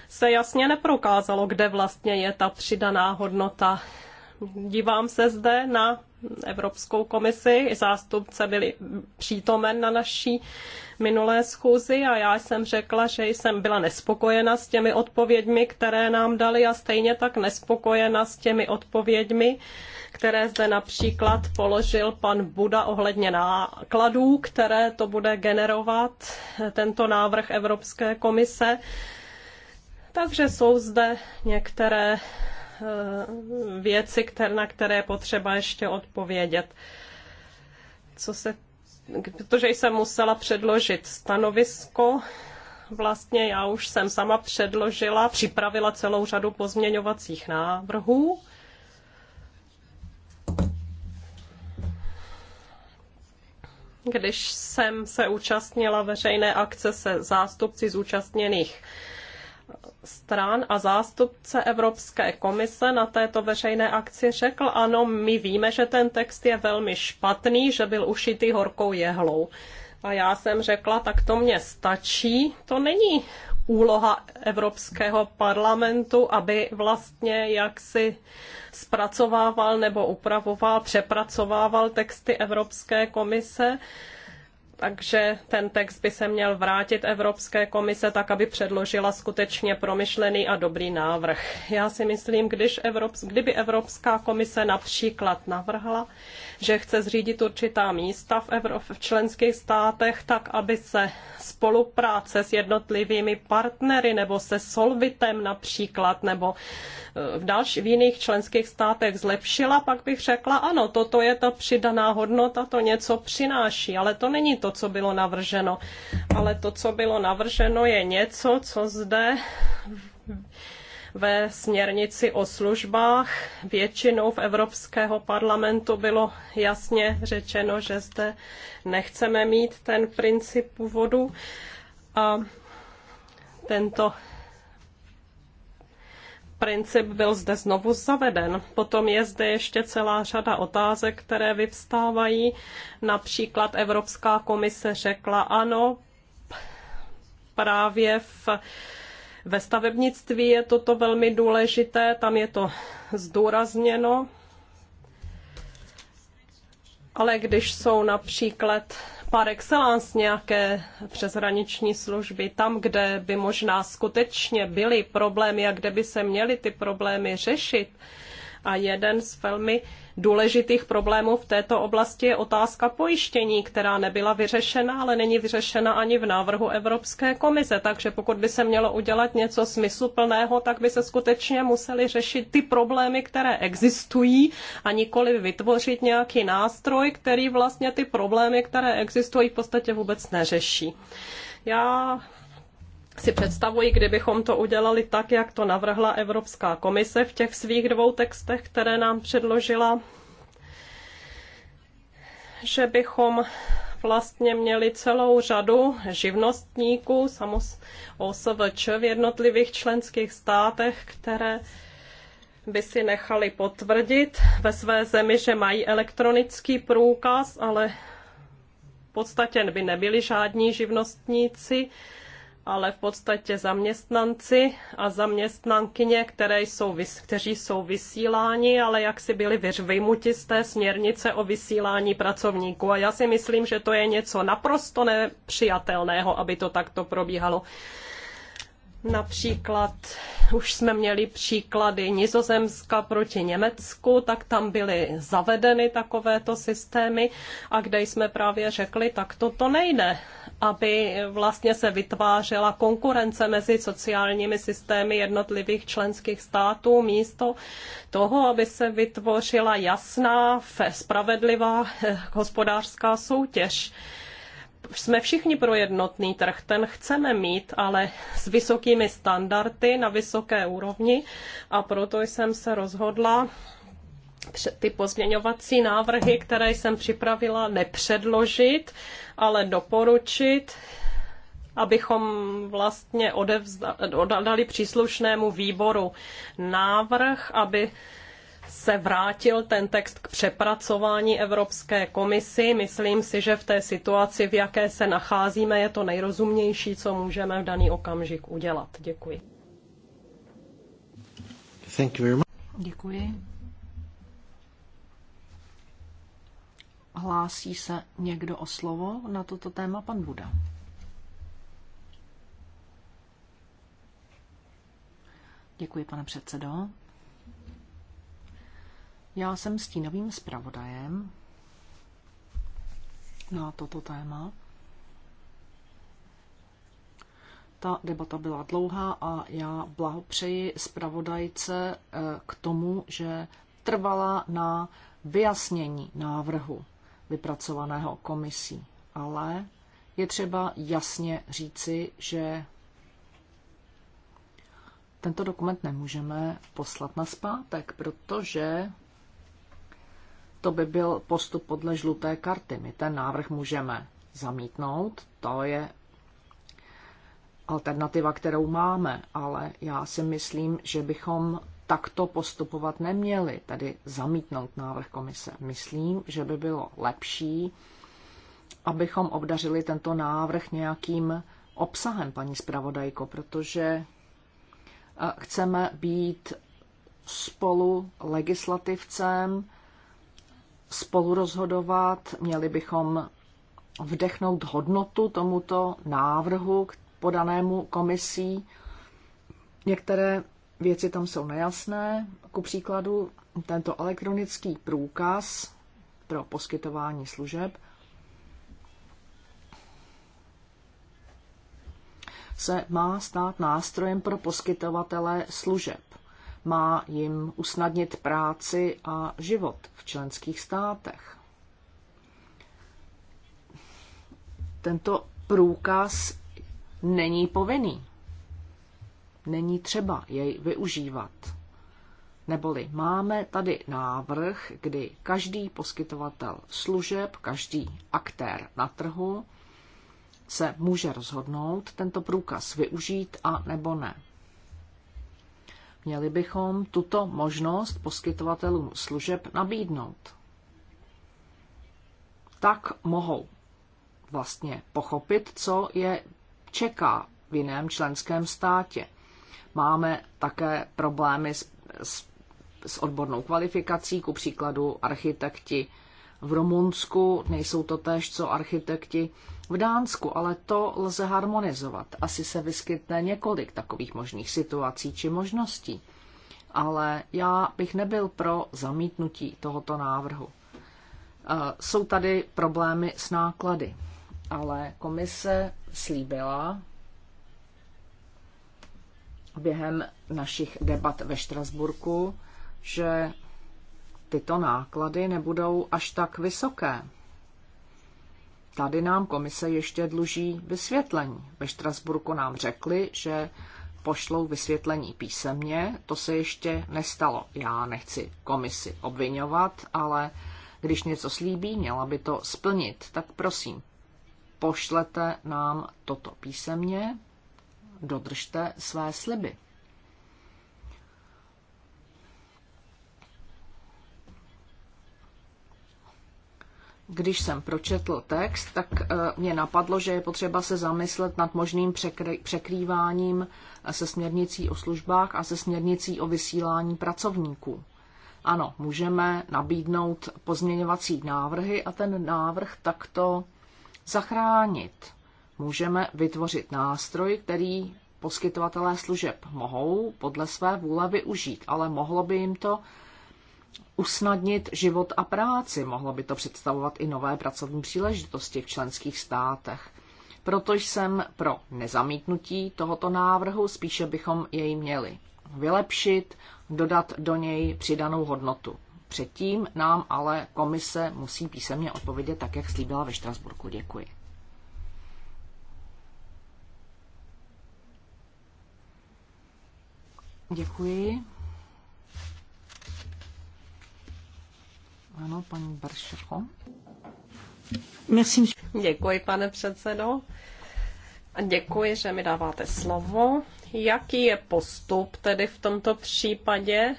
se jasně neprokázalo, kde vlastně je ta přidaná hodnota. Dívám se zde na Evropskou komisi. Zástupce byli přítomen na naší minulé schůzi a já jsem řekla, že jsem byla nespokojena s těmi odpověďmi, které nám dali a stejně tak nespokojena s těmi odpověďmi, které zde například položil pan Buda ohledně nákladů, které to bude generovat tento návrh Evropské komise. Takže jsou zde některé Eh, věci, které, na které potřeba ještě odpovědět. Co se, protože jsem musela předložit stanovisko, vlastně já už jsem sama předložila, připravila celou řadu pozměňovacích návrhů. Když jsem se účastnila veřejné akce se zástupci zúčastněných stran a zástupce Evropské komise na této veřejné akci řekl, ano, my víme, že ten text je velmi špatný, že byl ušitý horkou jehlou. A já jsem řekla, tak to mě stačí. To není úloha Evropského parlamentu, aby vlastně jaksi zpracovával nebo upravoval, přepracovával texty Evropské komise takže ten text by se měl vrátit Evropské komise tak, aby předložila skutečně promyšlený a dobrý návrh. Já si myslím, když Evrops, kdyby Evropská komise například navrhla, že chce zřídit určitá místa v, Evro- v členských státech, tak aby se spolupráce s jednotlivými partnery nebo se Solvitem například nebo eh, v, další, v jiných členských státech zlepšila, pak bych řekla, ano, toto je ta přidaná hodnota, to něco přináší, ale to není to, co bylo navrženo. Ale to, co bylo navrženo, je něco, co zde ve směrnici o službách. Většinou v Evropského parlamentu bylo jasně řečeno, že zde nechceme mít ten princip původu a tento princip byl zde znovu zaveden. Potom je zde ještě celá řada otázek, které vyvstávají. Například Evropská komise řekla ano, právě v ve stavebnictví je toto velmi důležité, tam je to zdůrazněno. Ale když jsou například par excellence nějaké přeshraniční služby, tam, kde by možná skutečně byly problémy a kde by se měly ty problémy řešit, a jeden z velmi důležitých problémů v této oblasti je otázka pojištění, která nebyla vyřešena, ale není vyřešena ani v návrhu Evropské komise. Takže pokud by se mělo udělat něco smysluplného, tak by se skutečně museli řešit ty problémy, které existují a nikoli vytvořit nějaký nástroj, který vlastně ty problémy, které existují, v podstatě vůbec neřeší. Já si představuji, kdybychom to udělali tak, jak to navrhla Evropská komise v těch svých dvou textech, které nám předložila, že bychom vlastně měli celou řadu živnostníků, samos OSVČ v jednotlivých členských státech, které by si nechali potvrdit ve své zemi, že mají elektronický průkaz, ale v podstatě by nebyli žádní živnostníci, ale v podstatě zaměstnanci a zaměstnankyně, které jsou, kteří jsou vysíláni, ale jak si byli vymuti z té směrnice o vysílání pracovníků. A já si myslím, že to je něco naprosto nepřijatelného, aby to takto probíhalo. Například už jsme měli příklady Nizozemska proti Německu, tak tam byly zavedeny takovéto systémy a kde jsme právě řekli, tak to, to nejde, aby vlastně se vytvářela konkurence mezi sociálními systémy jednotlivých členských států místo toho, aby se vytvořila jasná, spravedlivá eh, hospodářská soutěž jsme všichni pro jednotný trh, ten chceme mít, ale s vysokými standardy na vysoké úrovni a proto jsem se rozhodla ty pozměňovací návrhy, které jsem připravila, nepředložit, ale doporučit, abychom vlastně odevzda, dali příslušnému výboru návrh, aby se vrátil ten text k přepracování Evropské komisi. Myslím si, že v té situaci, v jaké se nacházíme, je to nejrozumnější, co můžeme v daný okamžik udělat. Děkuji. Thank you very much. Děkuji. Hlásí se někdo o slovo na toto téma? Pan Buda. Děkuji, pane předsedo. Já jsem stínovým zpravodajem na toto téma. Ta debata byla dlouhá a já blahopřeji zpravodajce eh, k tomu, že trvala na vyjasnění návrhu vypracovaného komisí. Ale je třeba jasně říci, že tento dokument nemůžeme poslat na zpátek, protože to by byl postup podle žluté karty. My ten návrh můžeme zamítnout, to je alternativa, kterou máme, ale já si myslím, že bychom takto postupovat neměli, tedy zamítnout návrh komise. Myslím, že by bylo lepší, abychom obdařili tento návrh nějakým obsahem, paní zpravodajko, protože eh, chceme být spolu legislativcem, spolurozhodovat, měli bychom vdechnout hodnotu tomuto návrhu k podanému komisí. Některé věci tam jsou nejasné. Ku příkladu tento elektronický průkaz pro poskytování služeb se má stát nástrojem pro poskytovatele služeb má jim usnadnit práci a život v členských státech. Tento průkaz není povinný. Není třeba jej využívat. Neboli máme tady návrh, kdy každý poskytovatel služeb, každý aktér na trhu se může rozhodnout tento průkaz využít a nebo ne. Měli bychom tuto možnost poskytovatelům služeb nabídnout. Tak mohou vlastně pochopit, co je čeká v jiném členském státě. Máme také problémy s, s, s odbornou kvalifikací, ku příkladu architekti v Rumunsku nejsou to též co architekti v Dánsku, ale to lze harmonizovat. Asi se vyskytne několik takových možných situací či možností. Ale já bych nebyl pro zamítnutí tohoto návrhu. Eh, jsou tady problémy s náklady, ale komise slíbila během našich debat ve Štrasburku, že tyto náklady nebudou až tak vysoké Tady nám komise ještě dluží vysvětlení. Ve Štrasburku nám řekli, že pošlou vysvětlení písemně, to se ještě nestalo. Já nechci komisi obvinovat, ale když něco slíbí, měla by to splnit. Tak prosím, pošlete nám toto písemně, dodržte své sliby. když jsem pročetl text, tak eh, mě napadlo, že je potřeba se zamyslet nad možným překrýváním eh, se směrnicí o službách a se směrnicí o vysílání pracovníků. Ano, můžeme nabídnout pozměňovací návrhy a ten návrh takto zachránit. Můžeme vytvořit nástroj, který poskytovatelé služeb mohou podle své vůle využít, ale mohlo by jim to usnadnit život a práci. Mohlo by to představovat i nové pracovní příležitosti v členských státech. Proto jsem pro nezamítnutí tohoto návrhu, spíše bychom jej měli vylepšit, dodat do něj přidanou hodnotu. Předtím nám ale komise musí písemně odpovědět tak, jak slíbila ve Štrasburku. Děkuji. Děkuji. Ano, paní Děkuji, pane předsedo. děkuji, že mi dáváte slovo. Jaký je postup tedy v tomto případě?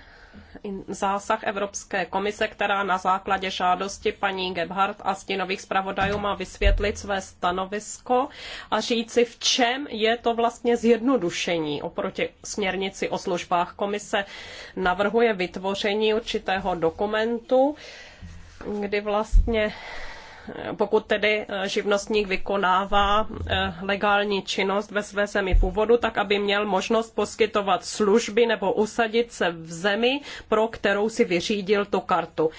Zásah Evropské komise, která na základě žádosti paní Gebhardt a stínových zpravodajů má vysvětlit své stanovisko a říci, v čem je to vlastně zjednodušení oproti směrnici o službách. Komise navrhuje vytvoření určitého dokumentu, kdy vlastně pokud tedy eh, živnostník vykonává eh, legální činnost ve své zemi původu, tak aby měl možnost poskytovat služby nebo usadit se v zemi, pro kterou si vyřídil tu kartu.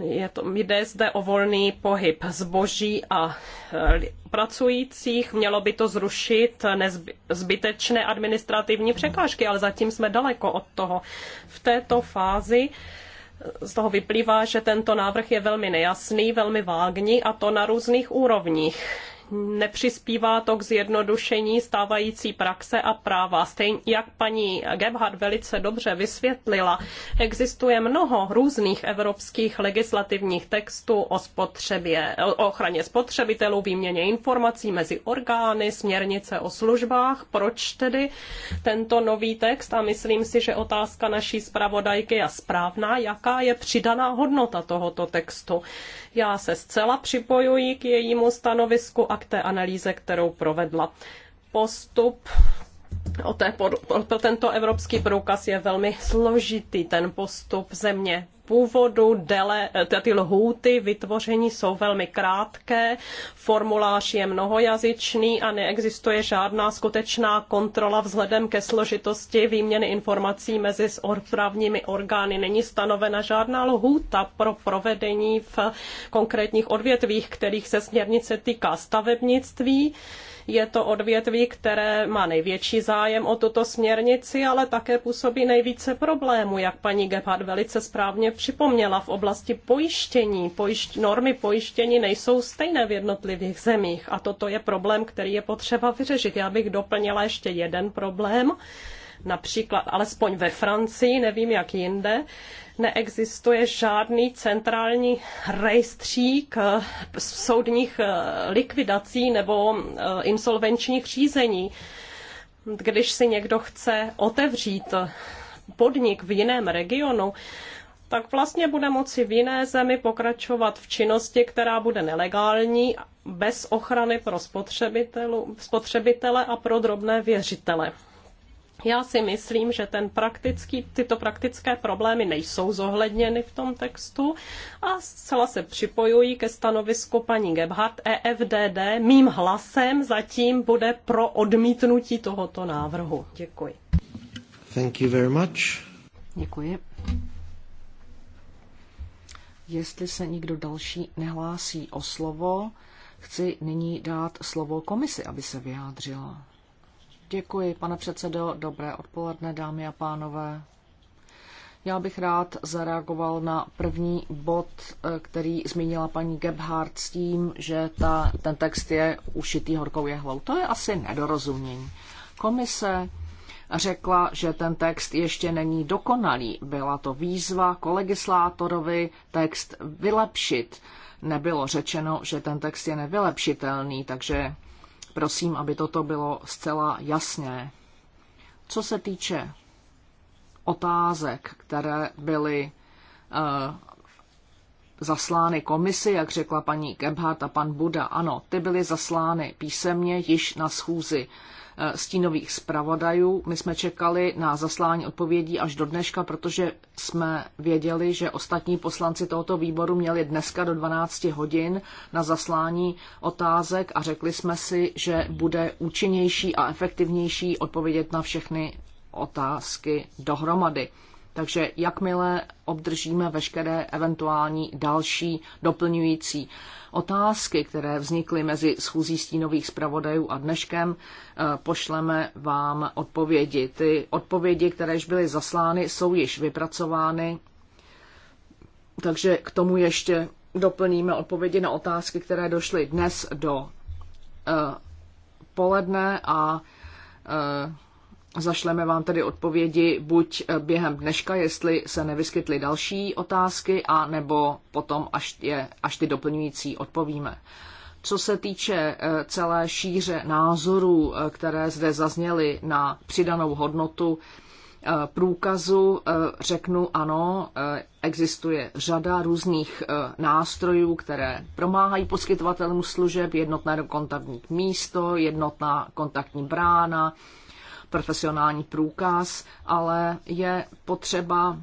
Je to, jde zde o volný pohyb zboží a eh, pracujících. Mělo by to zrušit zbytečné administrativní překážky, ale zatím jsme daleko od toho. V této fázi z toho vyplývá, že tento návrh je velmi nejasný, velmi vágní a to na různých úrovních nepřispívá to k zjednodušení stávající praxe a práva. Stejně jak paní Gebhardt velice dobře vysvětlila, existuje mnoho různých evropských legislativních textů o, spotřebě, o ochraně spotřebitelů, výměně informací mezi orgány, směrnice o službách. Proč tedy tento nový text? A myslím si, že otázka naší zpravodajky je správná, jaká je přidaná hodnota tohoto textu. Já se zcela připojuji k jejímu stanovisku a k té analýze, kterou provedla. Postup o té, pro tento evropský průkaz je velmi složitý ten postup země původu, dele, ty lhůty vytvoření jsou velmi krátké, formulář je mnohojazyčný a neexistuje žádná skutečná kontrola vzhledem ke složitosti výměny informací mezi správními orgány. Není stanovena žádná lhůta pro provedení v konkrétních odvětvích, kterých se směrnice týká stavebnictví je to odvětví, které má největší zájem o tuto směrnici, ale také působí nejvíce problémů, jak paní Gebhardt velice správně připomněla v oblasti pojištění. Pojišť, normy pojištění nejsou stejné v jednotlivých zemích a toto je problém, který je potřeba vyřešit. Já bych doplnila ještě jeden problém, například alespoň ve Francii, nevím jak jinde, neexistuje žádný centrální rejstřík eh, soudních eh, likvidací nebo eh, insolvenčních řízení. Když si někdo chce otevřít podnik v jiném regionu, tak vlastně bude moci v jiné zemi pokračovat v činnosti, která bude nelegální, bez ochrany pro spotřebitele a pro drobné věřitele. Já si myslím, že ten praktický, tyto praktické problémy nejsou zohledněny v tom textu a zcela se připojují ke stanovisku paní Gebhardt EFDD. Mým hlasem zatím bude pro odmítnutí tohoto návrhu. Děkuji. Thank you very much. Děkuji. Jestli se nikdo další nehlásí o slovo, chci nyní dát slovo komisi, aby se vyjádřila. Děkuji, pane předsedo. Dobré odpoledne, dámy a pánové. Já bych rád zareagoval na první bod, eh, který zmínila paní Gebhardt s tím, že ta, ten text je ušitý horkou jehlou. To je asi nedorozumění. Komise řekla, že ten text ještě není dokonalý. Byla to výzva kolegislátorovi text vylepšit. Nebylo řečeno, že ten text je nevylepšitelný, takže prosím, aby toto bylo zcela jasné. Co se týče otázek, které byly uh, zaslány komisi, jak řekla paní Gebhardt a pan Buda, ano, ty byly zaslány písemně již na schůzi Eh, stínových zpravodajů. My jsme čekali na zaslání odpovědí až do dneška, protože jsme věděli, že ostatní poslanci tohoto výboru měli dneska do 12 hodin na zaslání otázek a řekli jsme si, že bude účinnější a efektivnější odpovědět na všechny otázky dohromady. Takže jakmile obdržíme veškeré eventuální další doplňující otázky, které vznikly mezi schůzí stínových zpravodajů a dneškem, eh, pošleme vám odpovědi. Ty odpovědi, které již byly zaslány, jsou již vypracovány, takže k tomu ještě doplníme odpovědi na otázky, které došly dnes do eh, poledne a eh, Zašleme vám tedy odpovědi buď eh, během dneška, jestli se nevyskytly další otázky, a nebo potom, až, je, až ty doplňující odpovíme. Co se týče eh, celé šíře názorů, eh, které zde zazněly na přidanou hodnotu průkazu, řeknu ano, existuje řada různých nástrojů, které promáhají poskytovatelům služeb, jednotné kontaktní místo, jednotná kontaktní brána, profesionální průkaz, ale je potřeba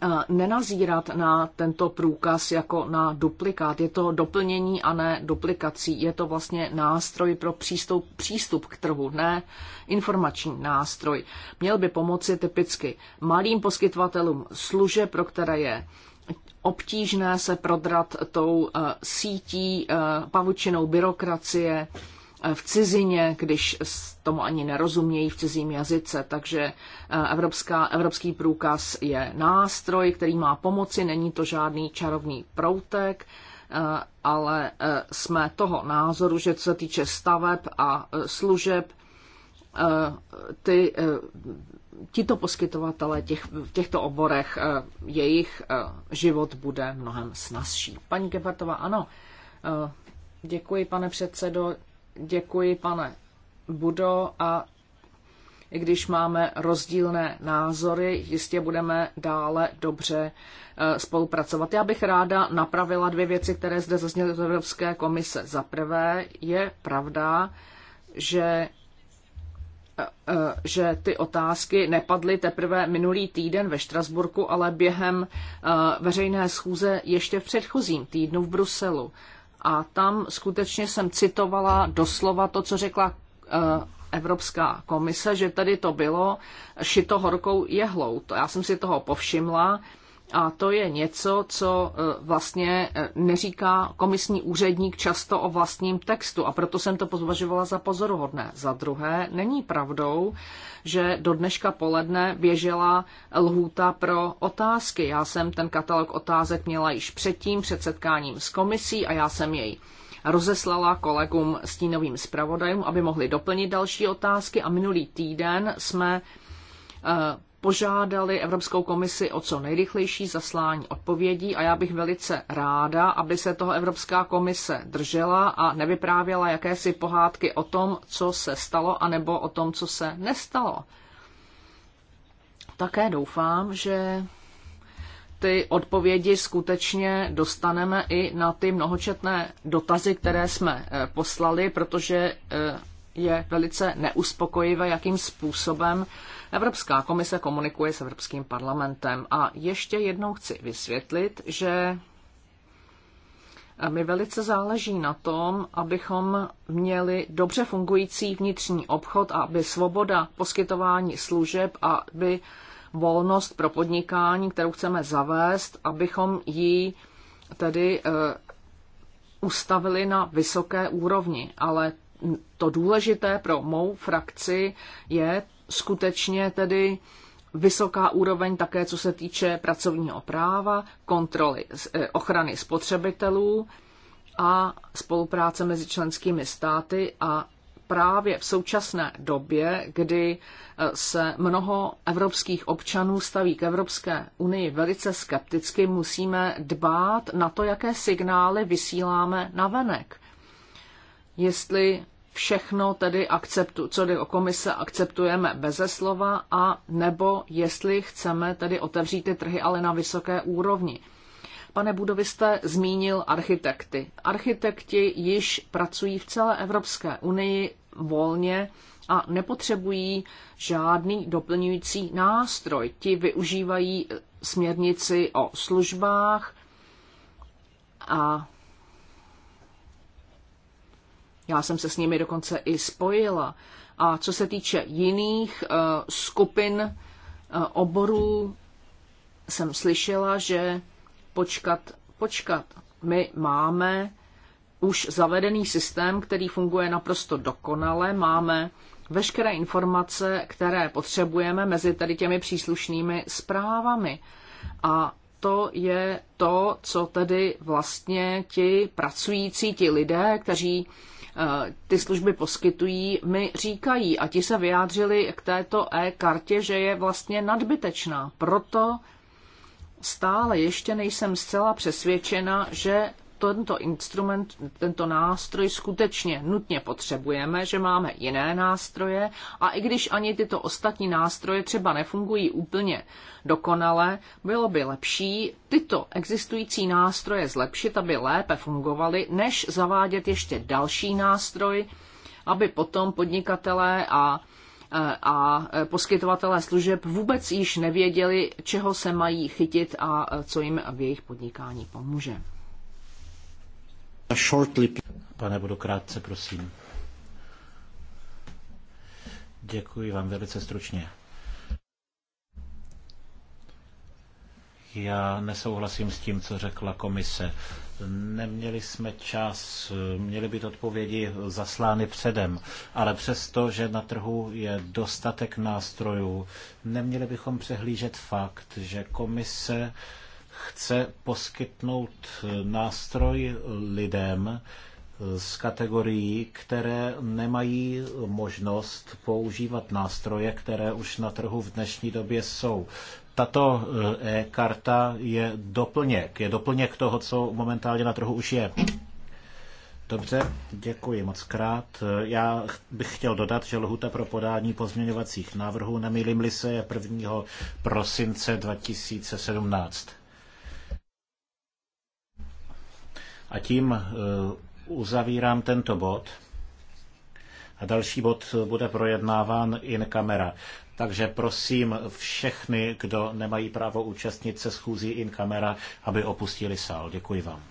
eh, nenazírat na tento průkaz jako na duplikát. Je to doplnění a ne duplikací. Je to vlastně nástroj pro přístup, přístup k trhu, ne informační nástroj. Měl by pomoci typicky malým poskytovatelům služeb, pro které je obtížné se prodrat tou eh, sítí, eh, pavučinou byrokracie, v cizině, když tomu ani nerozumějí v cizím jazyce. Takže eh, evropská, evropský průkaz je nástroj, který má pomoci, není to žádný čarovný proutek, eh, ale eh, jsme toho názoru, že co se týče staveb a služeb, ty, tito poskytovatele těch, v těchto oborech, jejich život bude mnohem snazší. Paní Gebertová, ano, děkuji, pane předsedo, Děkuji, pane Budo, a i když máme rozdílné názory, jistě budeme dále dobře e, spolupracovat. Já bych ráda napravila dvě věci, které zde zazněly z Evropské komise. Za prvé je pravda, že e, e, že ty otázky nepadly teprve minulý týden ve Štrasburku, ale během veřejné schůze ještě v předchozím týdnu v Bruselu. A tam skutečně jsem citovala doslova to, co řekla eh, Evropská komise, že tady to bylo šito horkou jehlou. To já jsem si toho povšimla a to je něco, co e, vlastně e, neříká komisní úředník často o vlastním textu a proto jsem to pozvažovala za pozoruhodné. Za druhé, není pravdou, že do dneška poledne běžela lhůta pro otázky. Já jsem ten katalog otázek měla již předtím, před setkáním s komisí a já jsem jej rozeslala kolegům stínovým zpravodajům, aby mohli doplnit další otázky a minulý týden jsme e, požádali Evropskou komisi o co nejrychlejší zaslání odpovědí a já bych velice ráda, aby se toho Evropská komise držela a nevyprávěla jakési pohádky o tom, co se stalo, anebo o tom, co se nestalo. Také doufám, že ty odpovědi skutečně dostaneme i na ty mnohočetné dotazy, které jsme eh, poslali, protože eh, je velice neuspokojivé, jakým způsobem Evropská komise komunikuje s Evropským parlamentem a ještě jednou chci vysvětlit, že mi velice záleží na tom, abychom měli dobře fungující vnitřní obchod, a aby svoboda poskytování služeb a aby volnost pro podnikání, kterou chceme zavést, abychom ji tedy eh, ustavili na vysoké úrovni. Ale to důležité pro mou frakci je skutečně tedy vysoká úroveň také co se týče pracovního práva, kontroly eh, ochrany spotřebitelů a spolupráce mezi členskými státy a právě v současné době, kdy eh, se mnoho evropských občanů staví k Evropské unii velice skepticky, musíme dbát na to, jaké signály vysíláme na venek. Jestli všechno tedy akceptu, co jde o komise, akceptujeme beze slova a nebo jestli chceme tedy otevřít ty trhy, ale na vysoké úrovni. Pane Budovi, jste zmínil architekty. Architekti již pracují v celé Evropské unii volně a nepotřebují žádný doplňující nástroj. Ti využívají směrnici o službách a já jsem se s nimi dokonce i spojila. A co se týče jiných uh, skupin uh, oborů, jsem slyšela, že počkat, počkat, my máme už zavedený systém, který funguje naprosto dokonale. Máme veškeré informace, které potřebujeme mezi tady těmi příslušnými zprávami. A to je to, co tedy vlastně ti pracující, ti lidé, kteří Eh, ty služby poskytují, mi říkají, a ti se vyjádřili k této e-kartě, že je vlastně nadbytečná. Proto stále ještě nejsem zcela přesvědčena, že tento instrument, tento nástroj skutečně nutně potřebujeme, že máme jiné nástroje a i když ani tyto ostatní nástroje třeba nefungují úplně dokonale, bylo by lepší tyto existující nástroje zlepšit, aby lépe fungovaly, než zavádět ještě další nástroj, aby potom podnikatelé a a poskytovatelé služeb vůbec již nevěděli, čeho se mají chytit a co jim v jejich podnikání pomůže. Pane, budu krátce, prosím. Děkuji vám velice stručně. Já nesouhlasím s tím, co řekla komise. Neměli jsme čas, měly být odpovědi zaslány předem, ale přesto, že na trhu je dostatek nástrojů, neměli bychom přehlížet fakt, že komise chce poskytnout eh, nástroj lidem eh, z kategorií, které nemají možnost používat nástroje, které už na trhu v dnešní době jsou. Tato eh, e-karta je doplněk, je doplněk toho, co momentálně na trhu už je. Dobře, děkuji moc krát. Já bych chtěl dodat, že lhuta pro podání pozměňovacích návrhů, nemýlím-li se, je 1. prosince 2017. A tím eh, uzavírám tento bod. A další bod bude projednáván in kamera. Takže prosím všechny, kdo nemají právo účastnit se schůzí in kamera, aby opustili sál. Děkuji vám.